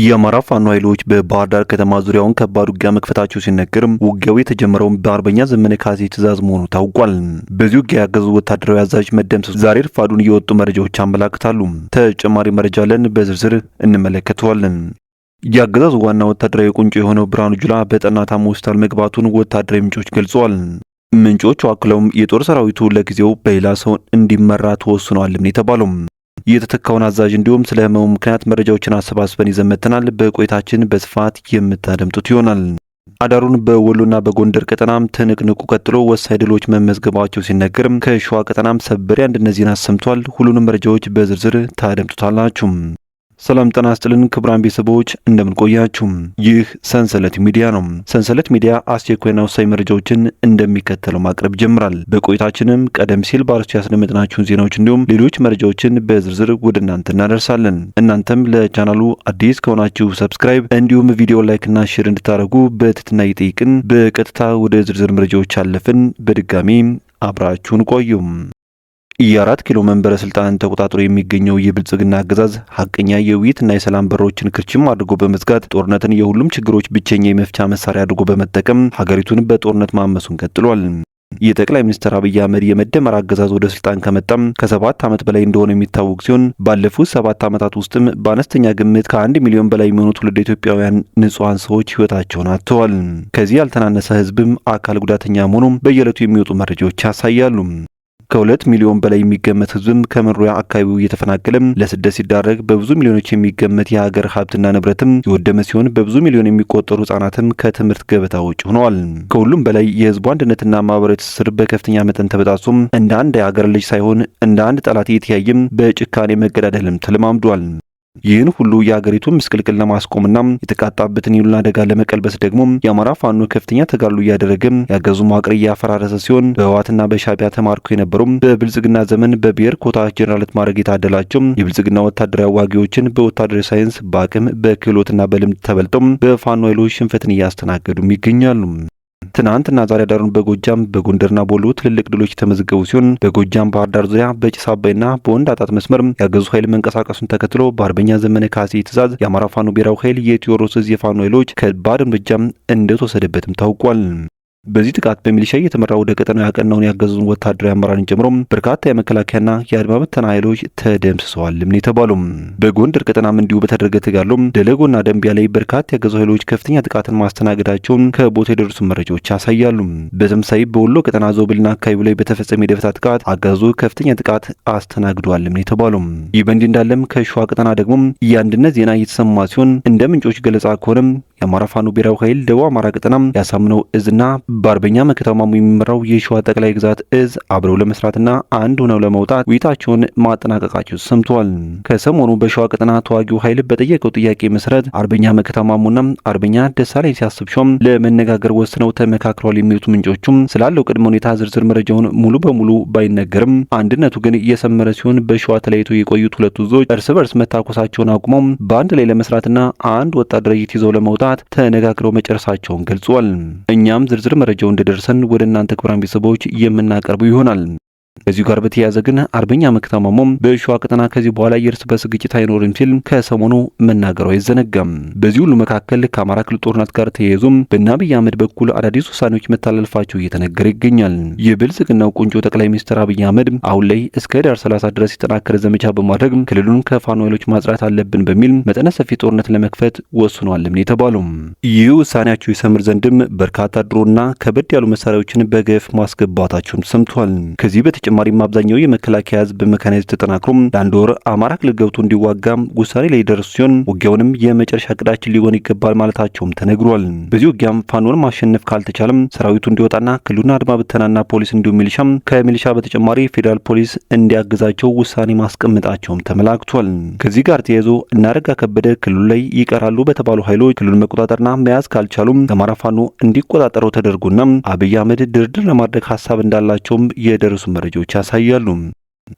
የአማራ ፋኖ ኃይሎች በባህር ዳር ከተማ ዙሪያውን ከባድ ውጊያ መክፈታቸው ሲነገር ውጊያው የተጀመረውን በአርበኛ ዘመነ ካሴ ትእዛዝ መሆኑ ታውቋል። በዚህ ውጊያ ያገዙ ወታደራዊ አዛዥ መደምሰ ዛሬ ርፋዱን እየወጡ መረጃዎች ያመላክታሉ። ተጨማሪ መረጃ ለን በዝርዝር እንመለከተዋለን። የአገዛዙ ዋና ወታደራዊ ቁንጮ የሆነው ብርሃኑ ጁላ በጠና ታሞ ሆስፒታል መግባቱን ወታደራዊ ምንጮች ገልጸዋል። ምንጮቹ አክለውም የጦር ሰራዊቱ ለጊዜው በሌላ ሰው እንዲመራ ተወስኗልም የተባለው የተተካውን አዛዥ እንዲሁም ስለ ህመሙ ምክንያት መረጃዎችን አሰባስበን ይዘን በቆይታችን በስፋት የምታደምጡት ይሆናል። አዳሩን በወሎና በጎንደር ቀጠናም ትንቅንቁ ቀጥሎ ወሳኝ ድሎች መመዝገባቸው ሲነገር ከሸዋ ቀጠናም ሰበሬ አንድ አሰምቷል። ሁሉንም መረጃዎች በዝርዝር ታደምጡታላችሁ። ሰላም ጤና ይስጥልን ክቡራን ቤተሰቦች እንደምን ቆያችሁ? ይህ ሰንሰለት ሚዲያ ነው። ሰንሰለት ሚዲያ አስቸኳይና ወሳኝ መረጃዎችን እንደሚከተለው ማቅረብ ይጀምራል። በቆይታችንም ቀደም ሲል በአርስቱ ያስደመጥናችሁን ዜናዎች እንዲሁም ሌሎች መረጃዎችን በዝርዝር ወደ እናንተ እናደርሳለን። እናንተም ለቻናሉ አዲስ ከሆናችሁ ሰብስክራይብ፣ እንዲሁም ቪዲዮ ላይክና ሼር እንድታደርጉ በትህትና እየጠየቅን በቀጥታ ወደ ዝርዝር መረጃዎች አለፍን። በድጋሚ አብራችሁን ቆዩም የአራት ኪሎ መንበረ ስልጣንን ተቆጣጥሮ የሚገኘው የብልጽግና አገዛዝ ሀቀኛ የውይይትና የሰላም በሮችን ክርችም አድርጎ በመዝጋት ጦርነትን የሁሉም ችግሮች ብቸኛ የመፍቻ መሳሪያ አድርጎ በመጠቀም ሀገሪቱን በጦርነት ማመሱን ቀጥሏል። የጠቅላይ ሚኒስትር አብይ አህመድ የመደመር አገዛዝ ወደ ስልጣን ከመጣም ከሰባት ዓመት በላይ እንደሆነ የሚታወቅ ሲሆን ባለፉት ሰባት ዓመታት ውስጥም በአነስተኛ ግምት ከአንድ ሚሊዮን በላይ የሚሆኑ ትውልድ ኢትዮጵያውያን ንጹሐን ሰዎች ህይወታቸውን አጥተዋል። ከዚህ ያልተናነሰ ህዝብም አካል ጉዳተኛ መሆኑም በየዕለቱ የሚወጡ መረጃዎች ያሳያሉ። ከሁለት ሚሊዮን በላይ የሚገመት ህዝብም ከመኖሪያ አካባቢው እየተፈናቀለም ለስደት ሲዳረግ በብዙ ሚሊዮኖች የሚገመት የሀገር ሀብትና ንብረትም የወደመ ሲሆን በብዙ ሚሊዮን የሚቆጠሩ ህጻናትም ከትምህርት ገበታ ውጭ ሆነዋል። ከሁሉም በላይ የህዝቡ አንድነትና ማህበራዊ ትስስር በከፍተኛ መጠን ተበጣሶም እንደ አንድ የሀገር ልጅ ሳይሆን እንደ አንድ ጠላት እየተያየም በጭካኔ መገዳደልም ተለማምዷል። ይህን ሁሉ የአገሪቱን ምስቅልቅል ለማስቆምና የተቃጣበትን ይሉን አደጋ ለመቀልበስ ደግሞ የአማራ ፋኖ ከፍተኛ ተጋድሎ እያደረገ ያገዙ መዋቅር እያፈራረሰ ሲሆን በህዋትና በሻቢያ ተማርኮ የነበሩም በብልጽግና ዘመን በብሔር ኮታ ጄኔራልነት ማድረግ የታደላቸው የብልጽግና ወታደራዊ ዋጊዎችን በወታደራዊ ሳይንስ በአቅም በክህሎትና በልምድ ተበልጠው በፋኖ ኃይሎች ሽንፈትን እያስተናገዱም ይገኛሉ። ትናንትና ዛሬ አዳሩን በጎጃም በጎንደርና ቦሎ ትልልቅ ድሎች የተመዘገቡ ሲሆን በጎጃም ባህር ዳር ዙሪያ በጭስ አባይና በወንድ አጣት መስመር ያገዙ ኃይል መንቀሳቀሱን ተከትሎ በአርበኛ ዘመነ ካሴ ትእዛዝ የአማራ ፋኖ ብሔራዊ ኃይል የቴዎድሮስ የፋኖ ኃይሎች ከባድ እርምጃም እንደተወሰደበትም ታውቋል። በዚህ ጥቃት በሚሊሻ እየተመራ ወደ ቀጠናው ያቀናውን ያገዙን ወታደራዊ አመራርን ጨምሮ በርካታ የመከላከያና የአድማ በተና ኃይሎች ተደምስሰዋልም ነው የተባሉ። በጎንደር ቀጠናም እንዲሁ በተደረገ ተጋድሎ ደለጎና ደንቢያ ላይ በርካታ ያገዙ ኃይሎች ከፍተኛ ጥቃትን ማስተናገዳቸውን ከቦታ የደረሱ መረጃዎች ያሳያሉ። በተመሳይ በወሎ ቀጠና ዞብልና አካባቢ ላይ በተፈጸመ የደፈታ ጥቃት አገዙ ከፍተኛ ጥቃት አስተናግዷልም ነው የተባሉ። ይህ በእንዲህ እንዳለም ከሸዋ ቀጠና ደግሞ የአንድነት ዜና እየተሰማ ሲሆን እንደ ምንጮች ገለጻ ከሆነም የአማራ ፋኖ ብሔራዊ ኃይል ደቡብ አማራ ቅጠና ያሳምነው እዝና በአርበኛ መከታው ማሙ የሚመራው የሸዋ ጠቅላይ ግዛት እዝ አብረው ለመስራትና አንድ ሆነው ለመውጣት ውይይታቸውን ማጠናቀቃቸው ሰምተዋል። ከሰሞኑ በሸዋ ቅጠና ተዋጊው ኃይል በጠየቀው ጥያቄ መሰረት አርበኛ መከታው ማሙና አርበኛ ደሳለኝ ሲያስብ ሾም ለመነጋገር ወስነው ተመካክረዋል የሚሉት ምንጮቹም ስላለው ቅድመ ሁኔታ ዝርዝር መረጃውን ሙሉ በሙሉ ባይነገርም አንድነቱ ግን እየሰመረ ሲሆን በሸዋ ተለያይቶ የቆዩት ሁለቱ እዞች እርስ በርስ መታኮሳቸውን አቁመው በአንድ ላይ ለመስራትና አንድ ወጣት ድረጅት ይዘው ለመውጣት ለማስፋት ተነጋግረው መጨረሳቸውን ገልጿል። እኛም ዝርዝር መረጃው እንደደርሰን ወደ እናንተ ክቡራን ቤተሰቦች የምናቀርቡ ይሆናል። ከዚሁ ጋር በተያያዘ ግን አርበኛ መከታ ማሞም በሸዋ ቀጠና ከዚህ በኋላ የእርስ በርስ ግጭት አይኖርም ሲል ከሰሞኑ መናገሩ አይዘነጋም። በዚህ ሁሉ መካከል ከአማራ ክልል ጦርነት ጋር ተያይዞም በናብይ አህመድ በኩል አዳዲስ ውሳኔዎች መተላለፋቸው እየተነገረ ይገኛል። የብልጽግናው ቁንጮ ጠቅላይ ሚኒስትር አብይ አህመድ አሁን ላይ እስከ ዳር 30 ድረስ የጠናከረ ዘመቻ በማድረግ ክልሉን ከፋኖ ኃይሎች ማጽዳት አለብን በሚል መጠነ ሰፊ ጦርነት ለመክፈት ወስኗልም ነው የተባለው። ይህ ውሳኔያቸው ይሰምር ዘንድም በርካታ ድሮና ከበድ ያሉ መሳሪያዎችን በገፍ ማስገባታቸውም ተሰምቷል። ከዚህ በተጨ በተጨማሪም አብዛኛው የመከላከያ ህዝብ መካናይዝድ ተጠናክሮ ለአንድ ወር አማራ ክልል ገብቶ እንዲዋጋ ውሳኔ ላይ ደርሱ ሲሆን ውጊያውንም የመጨረሻ እቅዳችን ሊሆን ይገባል ማለታቸውም ተነግሯል። በዚህ ውጊያም ፋኖን ማሸነፍ ካልተቻለም ሰራዊቱ እንዲወጣና ክልሉን አድማ ብተናና ፖሊስ እንዲሁም ሚሊሻም ከሚሊሻ በተጨማሪ ፌዴራል ፖሊስ እንዲያግዛቸው ውሳኔ ማስቀመጣቸውም ተመላክቷል። ከዚህ ጋር ተያይዞ እናረጋ ከበደ ክልሉ ላይ ይቀራሉ በተባሉ ኃይሎች ክልሉን መቆጣጠርና መያዝ ካልቻሉም የአማራ ፋኖ እንዲቆጣጠረው ተደርጎና አብይ አህመድ ድርድር ለማድረግ ሀሳብ እንዳላቸውም የደረሱ መረጃዎች ሌሎች ያሳያሉ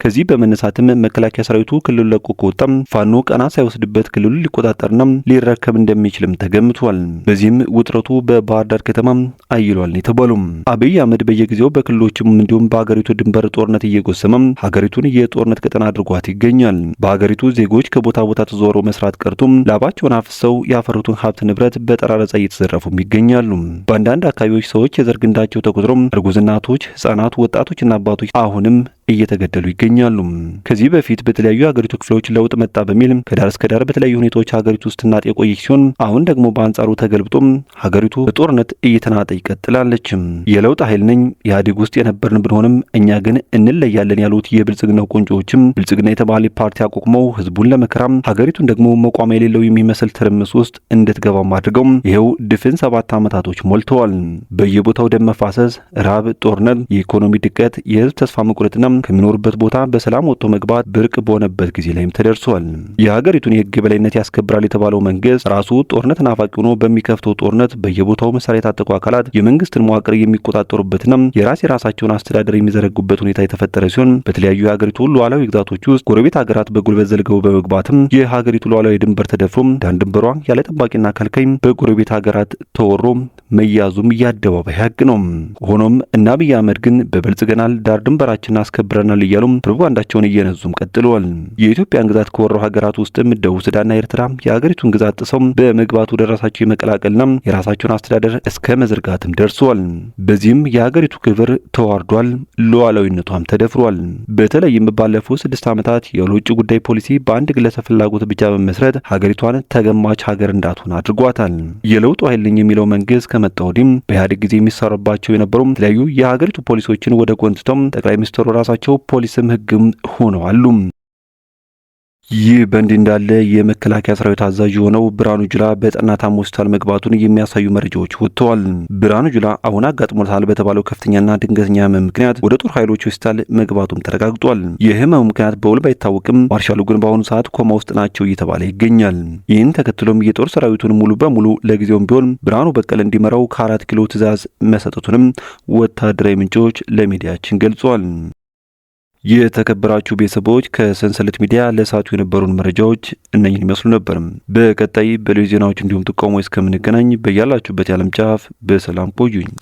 ከዚህ በመነሳትም መከላከያ ሰራዊቱ ክልሉ ለቆ ከወጣም ፋኖ ቀና ሳይወስድበት ክልሉ ሊቆጣጠርና ሊረከብ እንደሚችልም ተገምቷል። በዚህም ውጥረቱ በባህር ዳር ከተማ አይሏል የተባሉ አብይ አህመድ በየጊዜው በክልሎችም እንዲሁም በሀገሪቱ ድንበር ጦርነት እየጎሰመ ሀገሪቱን የጦርነት ቀጠና አድርጓት ይገኛል። በሀገሪቱ ዜጎች ከቦታ ቦታ ተዘዋውሮ መስራት ቀርቶ ላባቸውን አፍሰው ያፈሩትን ሀብት ንብረት በጠራረጻ እየተዘረፉም ይገኛሉ። በአንዳንድ አካባቢዎች ሰዎች የዘር ግንዳቸው ተቆጥሮ እርጉዝ እናቶች፣ ህጻናት፣ ወጣቶችና አባቶች አሁንም እየተገደሉ ይገኛሉ። ከዚህ በፊት በተለያዩ የሀገሪቱ ክፍሎች ለውጥ መጣ በሚል ከዳር እስከ ዳር በተለያዩ ሁኔታዎች ሀገሪቱ ውስጥ ስትናጥ የቆየች ሲሆን አሁን ደግሞ በአንጻሩ ተገልብጦም ሀገሪቱ በጦርነት እየተናጠ ይቀጥላለች። የለውጥ ኃይል ነኝ ኢህአዴግ ውስጥ የነበርን ብንሆንም እኛ ግን እንለያለን ያሉት የብልጽግናው ቆንጮዎችም ብልጽግና የተባለ ፓርቲ አቋቁመው ህዝቡን ለመከራም ሀገሪቱን ደግሞ መቋሚያ የሌለው የሚመስል ትርምስ ውስጥ እንድትገባም አድርገው ይኸው ድፍን ሰባት ዓመታቶች ሞልተዋል። በየቦታው ደም መፋሰስ፣ ረሃብ፣ ጦርነት፣ የኢኮኖሚ ድቀት፣ የህዝብ ተስፋ መቁረጥና በሰላም ከሚኖሩበት ቦታ በሰላም ወጥቶ መግባት ብርቅ በሆነበት ጊዜ ላይም ተደርሷል። የሀገሪቱን የህግ የበላይነት ያስከብራል የተባለው መንግስት ራሱ ጦርነት ናፋቂ ሆኖ በሚከፍተው ጦርነት በየቦታው መሳሪያ የታጠቁ አካላት የመንግስትን መዋቅር የሚቆጣጠሩበትና የራስ የራሳቸውን አስተዳደር የሚዘረጉበት ሁኔታ የተፈጠረ ሲሆን በተለያዩ የሀገሪቱ ሉዓላዊ ግዛቶች ውስጥ ጎረቤት ሀገራት በጉልበት ዘልገው በመግባትም የሀገሪቱ ሉዓላዊ ድንበር ተደፍሮም ዳን ድንበሯ ያለ ጠባቂና ከልካይ በጎረቤት ሀገራት ተወሮ መያዙም እያደባባይ ሀቅ ነው። ሆኖም እነ አብይ አህመድ ግን በበልጽገናል፣ ዳር ድንበራችን አስከብረናል እያሉም ፕሮፓጋንዳቸውን እየነዙም ቀጥለዋል። የኢትዮጵያን ግዛት ከወረሩ ሀገራት ውስጥም ደቡብ ሱዳንና ኤርትራ የሀገሪቱን ግዛት ጥሰው በመግባቱ ደራሳቸው የመቀላቀልና የራሳቸውን አስተዳደር እስከ መዘርጋትም ደርሰዋል። በዚህም የሀገሪቱ ክብር ተዋርዷል፣ ሉዓላዊነቷም ተደፍሯል። በተለይም ባለፉት ስድስት ዓመታት የውጭ ጉዳይ ፖሊሲ በአንድ ግለሰብ ፍላጎት ብቻ በመስረት ሀገሪቷን ተገማች ሀገር እንዳትሆን አድርጓታል። የለውጡ ኃይል ነኝ የሚለው መንግስት ከመጣ ወዲህም በኢህአዴግ ጊዜ የሚሰራባቸው የነበሩ የተለያዩ የሀገሪቱ ፖሊሶችን ወደ ጎን ጠቅላይ ሚኒስትሩ ራሳቸው ፖሊስም ህግም ሆነዋሉ። ይህ በእንዲህ እንዳለ የመከላከያ ሰራዊት አዛዥ የሆነው ብርሃኑ ጁላ በጠና ታሞ ሆስፒታል መግባቱን የሚያሳዩ መረጃዎች ወጥተዋል። ብርሃኑ ጁላ አሁን አጋጥሞታል በተባለው ከፍተኛና ድንገተኛ ህመም ምክንያት ወደ ጦር ኃይሎች ሆስፒታል መግባቱም ተረጋግጧል። የህመሙ ምክንያት በውል ባይታወቅም ማርሻሉ ግን በአሁኑ ሰዓት ኮማ ውስጥ ናቸው እየተባለ ይገኛል። ይህን ተከትሎም የጦር ሰራዊቱን ሙሉ በሙሉ ለጊዜውም ቢሆን ብርሃኑ በቀለ እንዲመራው ከአራት ኪሎ ትእዛዝ መሰጠቱንም ወታደራዊ ምንጮች ለሚዲያችን ገልጿል። የተከበራችሁ ቤተሰቦች ከሰንሰለት ሚዲያ ለሰዓቱ የነበሩን መረጃዎች እነኝን ይመስሉ ነበር። በቀጣይ በሌሎች ዜናዎች እንዲሁም ጥቆማዎች እስከምንገናኝ በያላችሁበት የዓለም ጫፍ በሰላም ቆዩኝ።